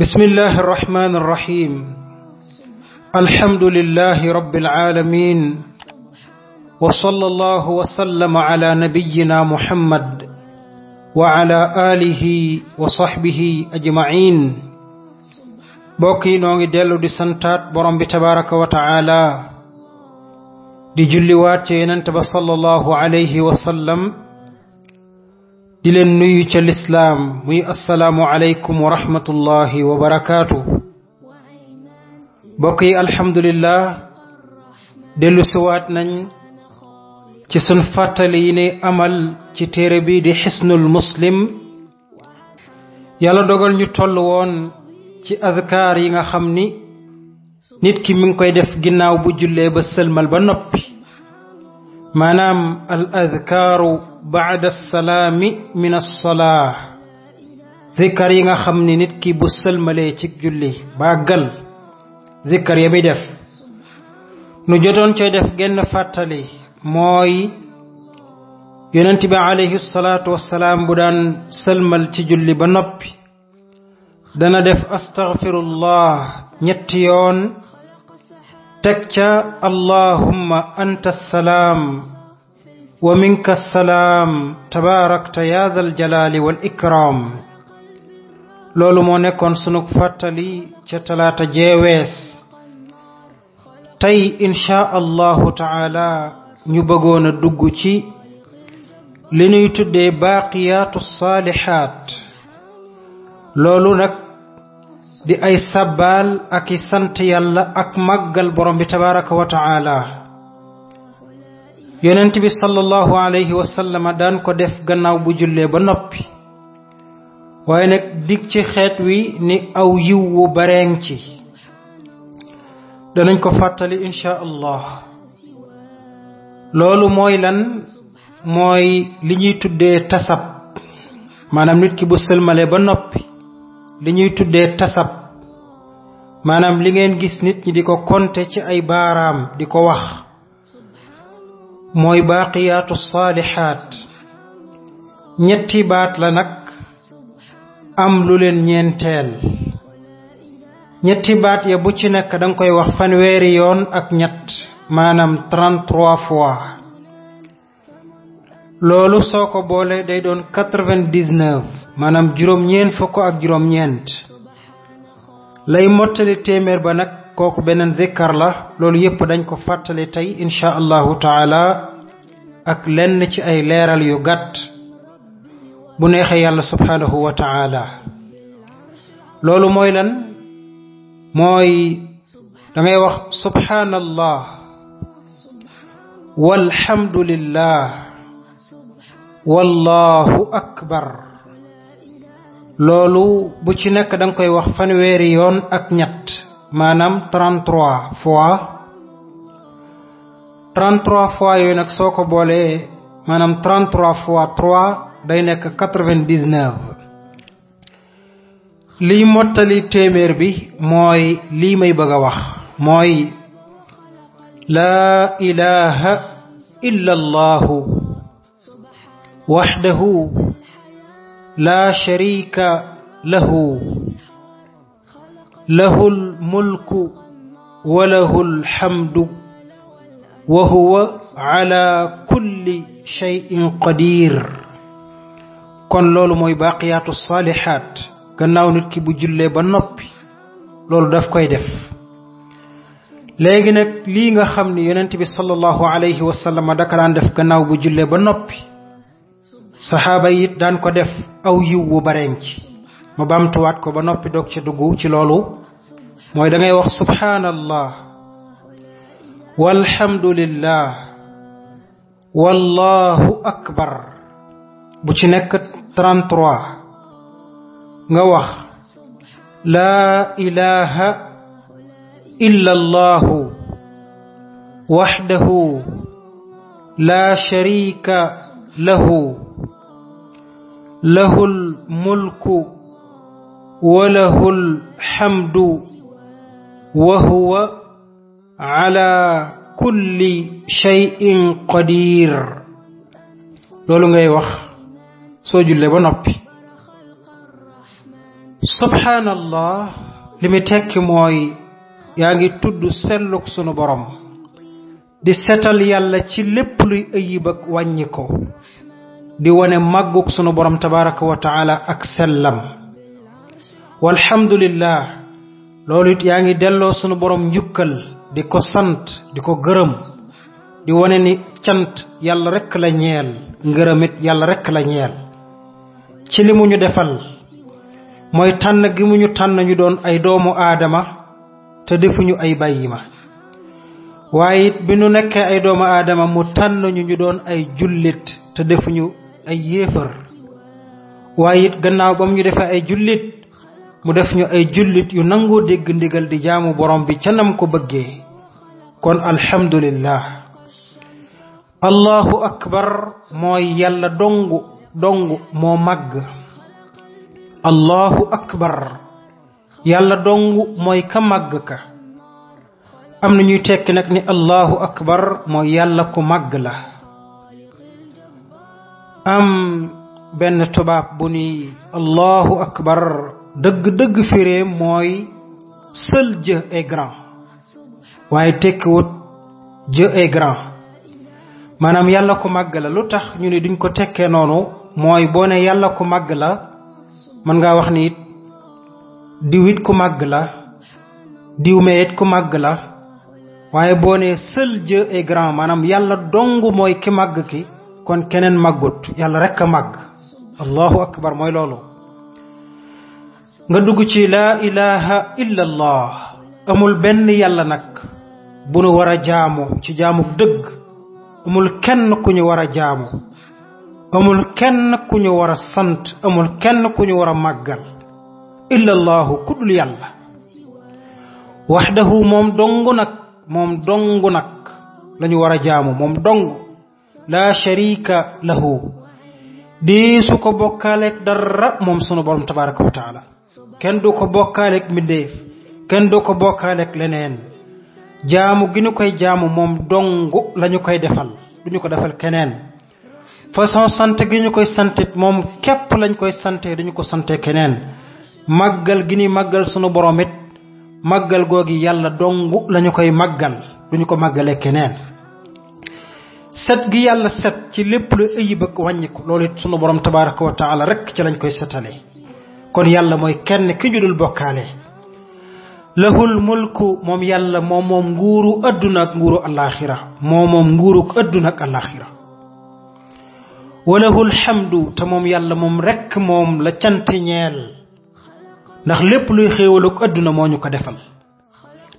بسم الله الرحمن الرحيم الحمد لله رب العالمين وصلى الله وسلم على نبينا محمد وعلى آله وصحبه أجمعين بوكي نوغي ديلو دي سنتات برم تبارك وتعالى دي جلواتي ننتبه صلى الله عليه وسلم di leen nuyu ca lislaam muy asalaamu aleykum wa rahmatullahi wa barakaatu mbokk yi alhamdulillah dellu nañ ci sun fàttali yi ne amal ci téere bii di xisnul muslim yàlla dogal ñu toll woon ci azkaar yi nga xam ni nit ki mi ngi koy def ginnaaw bu jullee ba sëlmal ba noppi maanaam al adkaaru baada salaami min alsolaa zikkar yi nga xam ni nit ki bu sëlmalee ci julli bàggal zikkar ya muy def nu jotoon ci def genn fàttali mooy yonent bi alayhi salaatu wassalaam bu daan sëlmal ci julli ba noppi dana def astaghfirullah ñetti yoon teg ca allahumma anta salaam wa minka salaam tabaarakta yaa dal jalaali wal ikraam loolu moo nekkoon sunu fàttali ca talaata jeewees tey insha allahu taala ñu bëggoon a dugg ci li tudde tuddee baaqiyaatu saalihaat loolu nag di ay sabbaal ak i sant yàlla ak màggal borom bi tabaraka wa taala yonent bi sallallahu alayhi wa daan ko def gannaaw bu jullee ba noppi waaye nag dig ci xeet wi ni aw yiw wu bareen ci danañ ko fàttali insha allah loolu mooy lan mooy li ñuy tuddee tasab maanaam nit ki bu sëlmale ba noppi li tuddee tasab maanaam li ngeen gis nit ñi di ko konte ci ay baaraam di ko wax mooy baaqiyaatu saalihaat ñetti baat la nag am lu leen ñeenteel ñetti baat ya bu ci nekk danga koy wax fanweeri yoon ak ñett maanaam 33 fois loolu soo ko boolee day doon quatre-vingt-dix-neuf maanaam juróom-ñeent fukk ak juróom-ñeent lay mottali téeméer ba nag kooku beneen zikkar la loolu yépp dañ ko fàttali tey incha allahu taala ak lenn ci ay leeral yu gàtt bu neexee yàlla subhaanahu wa taala loolu mooy lan mooy dangay ngay wax subhaanallah walhamdulillah wallahu akbar loolu bu ci nekk da nga koy wax fanweeri yoon ak ñett maanaam 33 fois 33 fois yooyu nag soo ko boolee maanaam 33 fois 3 day nekk 99. liy mottali téeméer bi mooy lii may bëgg a wax mooy laa ilaha illa وحده la شريك له له الملك وله الحمد وهو على كل شيء قدير kon loolu mooy baaqiyaatu saalihaat gannaaw nit ki bu jullee ba noppi loolu daf koy def léegi nag lii nga xam ni yonent bi sallallahu alayhi wa sallam daka daan def gannaaw bu jullee ba noppi sahaba yi daan ko def aw yiw wu bareem ci ma bamtuwaat ko ba noppi dog ca dugg ci loolu mooy da ngay wax subhanallah walhamdulillah wallahu akbar bu ci nekk 33 nga wax la ilaha illa allah wahdahu la sharika lahu له الملك وله الحمد وهو على كل شيء قدير لولو ngay wax so julle ba noppi subhanallah limi tekki mooy yaa ngi tudd selluk sunu borom di setal yàlla ci lépp luy ëyib ak wàññi ko di wone maggu ko sunu borom tabaraka wa taala ak sellam walhamdulillah loolu it yaa ngi delloo sunu borom njukkal di ko sant di ko gërëm di wone ni cant yàlla rekk la ñeel ngërëm it yàlla rekk la ñeel ci li mu ñu defal mooy tànn gi mu ñu tànn ñu doon ay doomu aadama te defuñu ay bàyyi ma waaye it bi nu nekkee ay doomu aadama mu tànn ñu ñu doon ay jullit te defuñu ay waaye it gannaaw bam ñu defee ay jullit mu def ñu ay jullit yu nangoo dégg ndigal di jaamu borom bi ca nam ko bëggee kon alhamdulillah allahu akbar mooy yàlla dongu dongu moo màgg allahu akbar yàlla dongu mooy ka màgg ka am na ñuy tekki nag ni allahu akbar mooy yàlla ku màgg la am benn tubaab bu ni allahu akbar dëgg-dëgg firee mooy seul Dieu est waaye tekkiwut Dieu est grand maanaam yàlla ko màgg la lu tax ñu ne duñ ko tekkee noonu mooy boo ne yàlla ko màgg la mën ngaa wax ni it diw it ku màgg la diw mee ku màgg la waaye boo ne seul Dieu est grand maanaam yàlla dong mooy ki màgg ki kon keneen màggut yàlla rekk a màgg allahu akbar mooy loolu nga dugg ci laa ilaha illa amul benn yàlla nag bu nu war a jaamu ci jaamu dëgg amul kenn ku ñu war a jaamu amul kenn ku ñu war a sant amul kenn ku ñu war a màggal illa allahu ku dul moom dong nag moom dong nag la war a jaamu moom dong la sharika lahu ɗi suko bokkale darra mom sono borom tabaraka wa taala ken du ko bokkale mindeef ken du ko bokkale leneen jaamu gini koy jaamu mom dongo lañu koy defal duñu ko defal keneen façon sante gini koy sante mom kep lañ koy sante duñu ko sante keneen maggal gini maggal sunu boromit maggal googi yalla dongu lañu koy maggal duñu ko maggale keneen set gi yàlla set ci lépp lu ayib ak wàññiku loolu sunu borom tabaraka wa taala rek ci lañ koy setalee kon yàlla mooy kenn ki ñu bokkaale lahul mulku moom yàlla moom moom nguuru adduna ak nguuru alaxira moom moom nguuru àdduna ak alaxira walahul xamdu te moom yàlla moom rekk moom la cant ñeel ndax lépp luy xéewaluk adduna moo ñu ko defal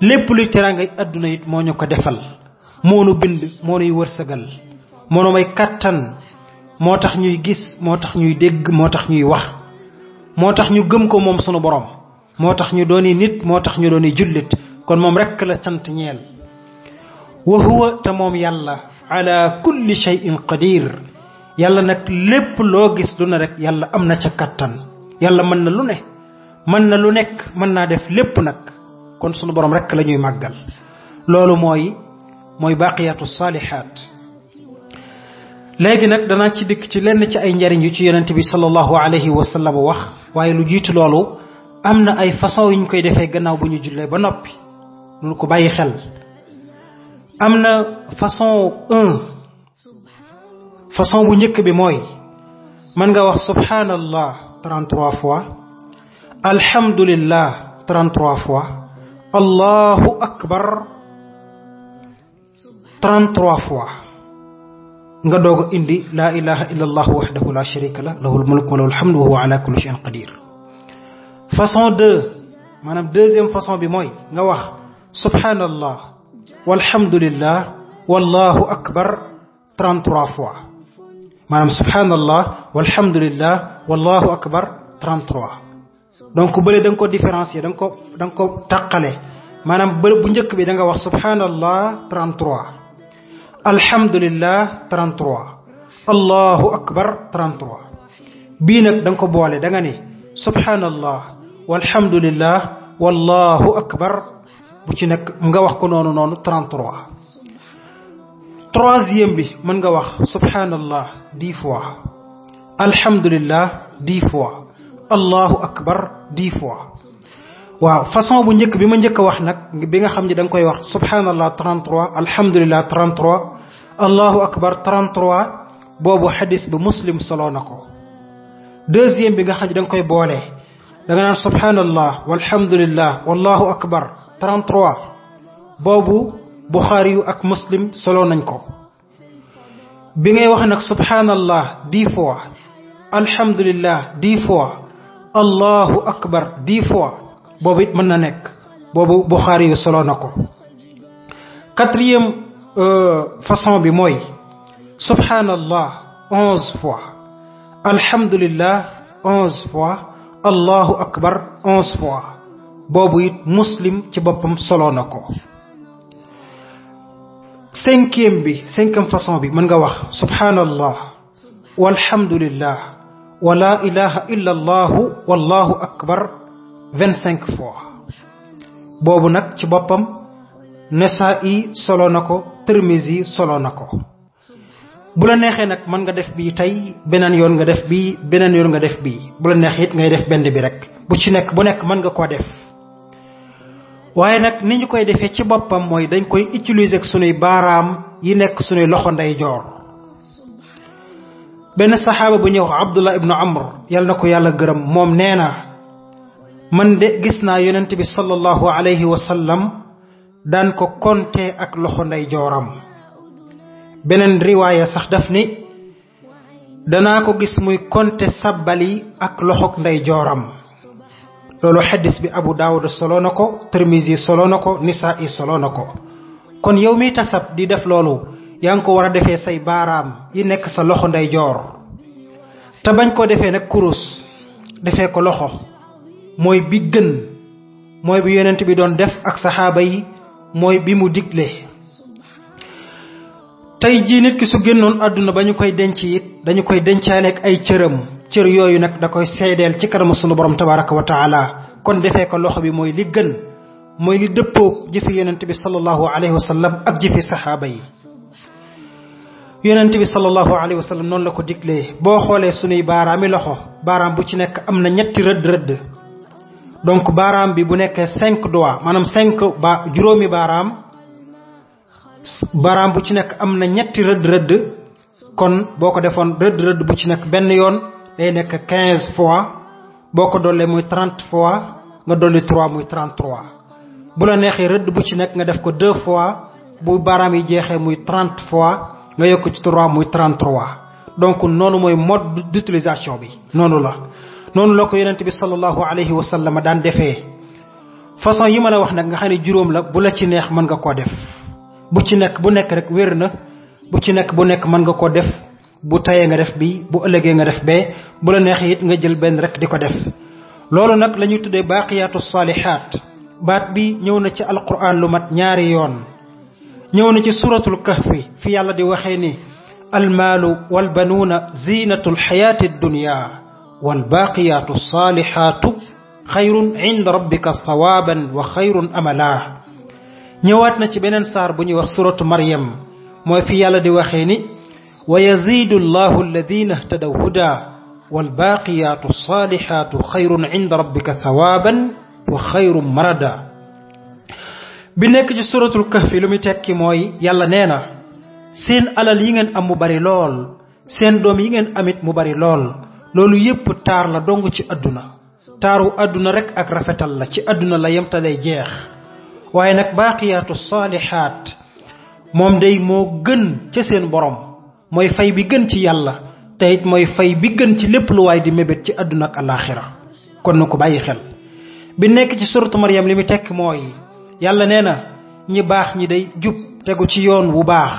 lépp luy teraangay adduna it moo ñu ko defal moo nu bind moo nuy wërsëgal moo nu may kattan moo tax ñuy gis moo tax ñuy dégg moo tax ñuy wax moo tax ñu gëm ko moom sunu borom moo tax ñu dooni nit moo tax ñu dooni jullit kon moom rekk la sant ñeel wa huwa te moom yàlla ala kulli shay'in qadir yàlla nag lépp loo gis lu ne rek yàlla am na ca kattan yàlla mën na lu ne mën na lu nekk mën naa def lépp nag kon sunu borom rekk la ñuy màggal loolu mooy moy baqiyatus salihat legi nak dana ci dik ci len ci ay njariñ yu ci yonente bi salallahu alayhi wa sallam wax waye lu jitu lolu amna ay façon yuñ koy defé gannaaw buñu julle ba nopi lu ko bàyyi xel amna façon 1 façon bu njëkk bi moy man nga wax subhanallah 33 fois alhamdulillah 33 fois الله أكبر 33 fois nga doog indi la ilaha illa allah wahdahu la sharika la lahul mulku wa lahul hamdu wa huwa ala kulli shay'in qadir façon 2 manam deuxième façon bi moy nga wax subhanallah walhamdulillah wallahu akbar 33 fois manam subhanallah walhamdulillah wallahu akbar 33 donc beulé dang ko différencier dang ko dang ko takalé manam beul bu ñëk bi da nga wax subhanallah 33 alhamdulillah 33 allahu akbar 33 bii nag da nga ko boole da nga ne subhanallah walhamdulillah wallahu akbar bu ci nekk nga wax ko noonu noonu 33 troisième bi mën nga wax subhanallah dix fois alhamdulillah dix fois allahu akbar dix fois waaw façon bu njëkk bi ma njëkk a wax nag bi nga xam ne da nga koy wax subhanallah 33 alhamdulillah 33 allahu akbar 33 boobu xadis bu muslim soloo na ko deuxième bi nga xam danga da nga koy boole da nga naan subhanallah walhamdulillah wallahu akbar 33 boobu buxaari yu ak muslim soloo nañ ko bi ngay wax nag subhanallah dix fois alhamdulillah di fois allahu akbar dix fois boobu it mën na nekk boobu buxaari yu soloo na ko façon bi moy subhanallah 11 fois alhamdulillah 11 fois allahu akbar 11 fois bobu it muslim ci bopam solo nako 5e bi 5e façon bi man nga wax subhanallah walhamdulillah wa la ilaha illa allah wallahu akbar 25 fois bobu nak ci bopam i solo na ko Tirmizi solo na ko bu la neexee nag mën nga def bii tey beneen yoon nga def bii beneen yoon nga def bii bu la neex it ngay def benn bi rek bu ci nekk bu nekk mën nga koo def waaye nag ni ñu koy defee ci boppam mooy dañ koy utiliser ak sunuy baaraam yi nekk sunuy loxo ndeyjoor benn saxaaba bu ñëw wax Abdullah ibnu Amr yal na ko yàlla gërëm moom nee naa man de gis naa yonent bi sallallahu alayhi wa sallam daan ko konte ak loxo ndeyjooram beneen riwaaya sax daf ni danaa ko gis muy konte sàbbal ak loxoog ndeyjooram loolu xaddis bi abu daawud solo na ko tirmisi solo na ko nisaa i solo na ko kon yow mi tasab di def loolu yaa ngi ko war a defee say baaraam yi nekk sa loxo ndeyjoor te bañ ko defee nag kurus defee ko loxo mooy bi gën mooy bi yonent bi doon def ak saxaaba yi mooy bi mu digle tey jii nit ki su génnoon àdduna ba ñu koy denc it dañu koy dencaaleeg ay cëram cër yooyu nag da koy seedeel ci kanamu sunu borom tabaraka wa taala kon defee ko loxo bi mooy li gën mooy li dëppoog jëfi yonent bi sallallahu alayhi wa sallam ak jëfi saxaaba yi yonent bi sallallahu alayhi wa sallam noonu la ko diglee boo xoolee sunuy baaraami loxo baaraam bu ci nekk am na ñetti rëdd rëdd donc baaraam bi bu nekkee cinq doigts maanaam cinq ba juróomi baaraam baaraam bu ci nekk am na ñetti rëdd rëdd kon boo ko defoon rëdd rëdd bu ci nekk benn yoon day nekk quinze fois boo ko dollee muy trente fois nga dolli trois muy trente trois bu la neexee rëdd bu ci nekk nga def ko deux fois bu baaraam yi jeexee muy trente fois nga yokk ci trois muy trente trois donc noonu mooy mode d'utilisation bi noonu la noonu la ko yonent bi sallallahu alayhi wa sallam daan defee façon yi ma la wax nag nga xam ne juróom la bu la ci neex mën nga koo def bu ci nekk bu nekk rek wér na bu ci nekk bu nekk mën nga koo def bu tayee nga def bi bu elege nga def be bu la neex yit nga jël ben rek diko def lolu nak la tuddé tuddee salihat bat bi ñëw na ci alquran lu mat ñaari yoon ñëw na ci suratul kahf fi yàlla di waxé ni almaalu walbanuuna ziinatul xayaati dunya والباقيات الصالحات خير عند ربك صوابا وخير املا نيواتنا سي بنن سار بني سوره مريم موي في يالا دي وخيني ويزيد الله الذين اهتدوا هدى والباقيات الصالحات خير عند ربك ثوابا وخير مردا bi nekk ci suratul kahfi lu mi tekki mooy yàlla nee na seen alal yi ngeen am mu bari lool seen loolu yépp taar la dong ci àdduna taaru àdduna rekk ak rafetal la ci àdduna la yem te jeex waaye nag baaqiyaatu saalihaat moom day moo gën ca seen borom mooy fay bi gën ci yàlla te it mooy fay bi gën ci lépp lu waaye di mébét ci àdduna ak alaaxira kon na ko bàyyi xel bi nekk ci suratu Maryam li mu tekk mooy yàlla nee na ñi baax ñi day jub tegu ci yoon wu baax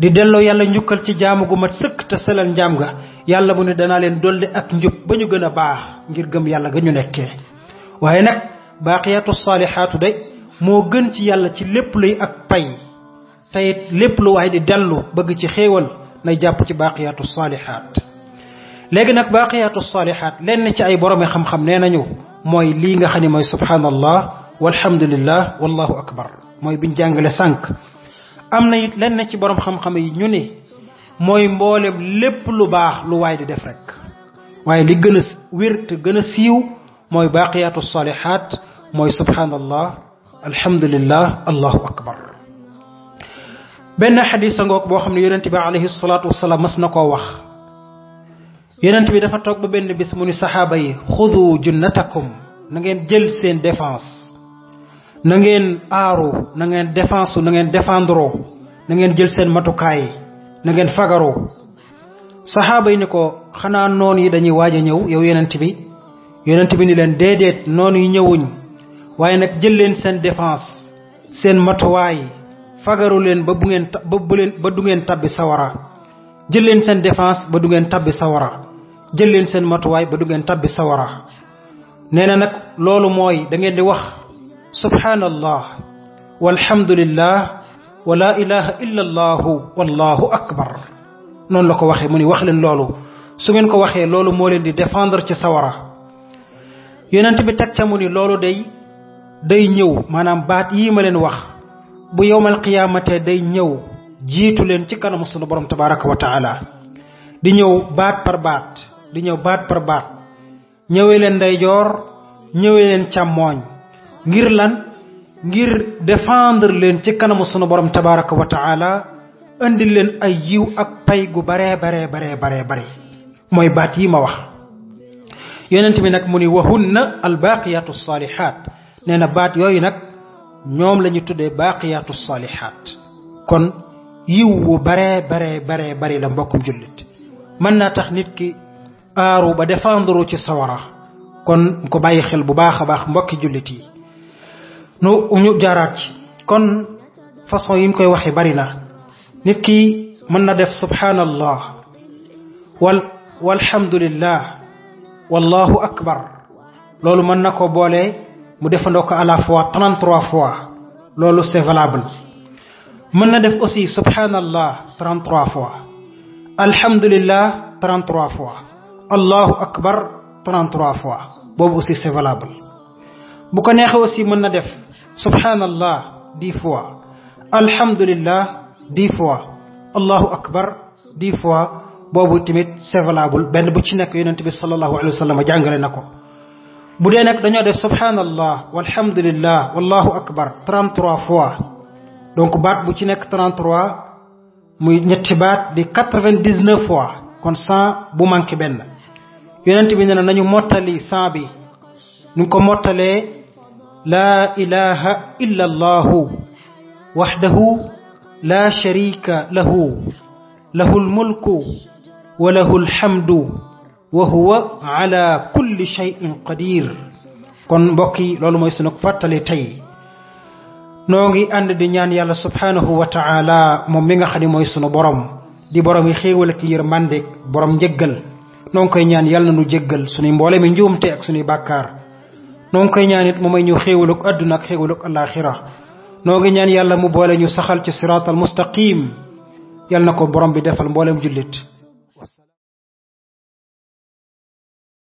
di delloo yàlla njukkal ci jaamu gu mat sëkk te selal njaam ga yàlla mu ne dana len dolde ak njub bañu gëna baax ngir gëm yàlla ga ñu nekkee waaye nag baaqiyaatu saalihaatu day mo gën ci yàlla ci lépp luy ak pay tey lépp lu way di dellu bëgg ci xéewal nay jàpp ci baqiyatus salihat légui nak baqiyatus salihat lenn ci ay borom xam-xam nee nañu mooy lii nga xani moy subhanallah walhamdulillah wallahu akbar moy biñ jàngale sank amna na it lenn ci borom xam-xam yi ñu ne mooy mboolem lépp lu baax lu waay di def rek waaye li gën a wér te gën a siiw mooy baqiyatu salihat mooy subhanallah alhamdulillah allahu akbar benn xadis a ngoog boo xam ne yonent bi alayhi salatu wasalaam mas na koo wax yonent bi dafa toog ba benn bis mu ni saxaaba yi xudu junnatakum na ngeen jël seen défense na ngeen aaru na ngeen défense na ngeen défendre na ngeen jël seen matukaay na ngeen fagaroo saxaaba yi ni ko xanaa noon yi dañuy waaj a ñëw yow yonent bi yonent bi ni leen déedéet noonu yi ñëwuñ waaye nag jël leen seen défense seen matuwaay fagaru leen ba ba du ngeen tàbbi sawara jël leen seen défense ba du ngeen tabbi sawara jël leen seen matuwaay ba du ngeen tàbbi sawara nee na nag loolu mooy da ngeen di wax subhanallah walhamdulillah wala ilaha illa allahu wallahu akbar noonu la ko waxee mu ni wax leen loolu su ngeen ko waxee loolu moo leen di défendre ci sawara yonent bi teg ca mu ni loolu day day ñëw maanaam baat yii ma leen wax bu yowmal qiyaamatee day ñëw jiitu leen ci kanamu sunu borom tabaraka wa taala di ñëw baat par baat di ñëw baat par baat ñëwee leen ndeyjoor ñëwee leen càmmooñ ngir lan ngir défendre len ci kanamu sunu borom tabaraka wa taala andil len ay yiw ak pay gu bare bare bare bare bare moy bat yi ma wax yonent bi nak muni ni wahunna albaqiyatu salihat nee na baat yooyu nag ñoom la ñu baqiyatu salihat kon yiw wu bare bare bare bare la mbokum julit man na tax nit ki aru ba défendre ci sawara kon ko bàyyi xel bu baakha a baax mbokki jullit yi nu ñu jaaraat ci kon façon yi mu koy waxe bari na nit ki mën na def subhanallah wal walhamdulillah wallahu akbar loolu mën na ko boole mu defandoo ko à la fois 33 fois loolu c'est valable mën na def aussi subhanallah 33 fois alhamdulillah 33 fois allahu akbar 33 fois boobu aussi c'est valable bu ko neexee aussi mën na def Subhanallah, dix fois. Alhamdulillah, dix fois. Allahu Akbar, dix fois. boobu tamit c'est valable benn bu ci nekk yonente bi salallahu alayhi wa sallam jàngale na ko bu dee nag dañoo def subhanallah walhamdulillah wallahu akbar 33 fois donc baat bu ci nekk 33 muy ñetti baat di 99 fois kon 100 bu manqué benn yonente bi nee na nañu mottali 100 bi nu ko mottalee laa ilaha illa allahu waxdahu laa sharika lahu lahu lmulku wa lahu lhamdu wa huwa ala kulli shay'in qadir kon mbokk yi loolu mooy sunu fàttali tey noo ngi ànd di ñaan yàlla subhaanahu wa taala moom mi nga xam ne mooy sunu borom di borom yi xéewal ak yërmande borom njëggal noo ngi koy ñaan yàlla na nu jéggal sunuy mboole mi njuum njuumte ak sunuy bàkkaar noo ngi koy ñaanit mu may ñu xéewalug àdduna ak xéewalug alaxira noo ngi ñaan yàlla mu boole ñu saxal ci siraatal mustaqim yàlla na ko borom bi defal mboolem jullit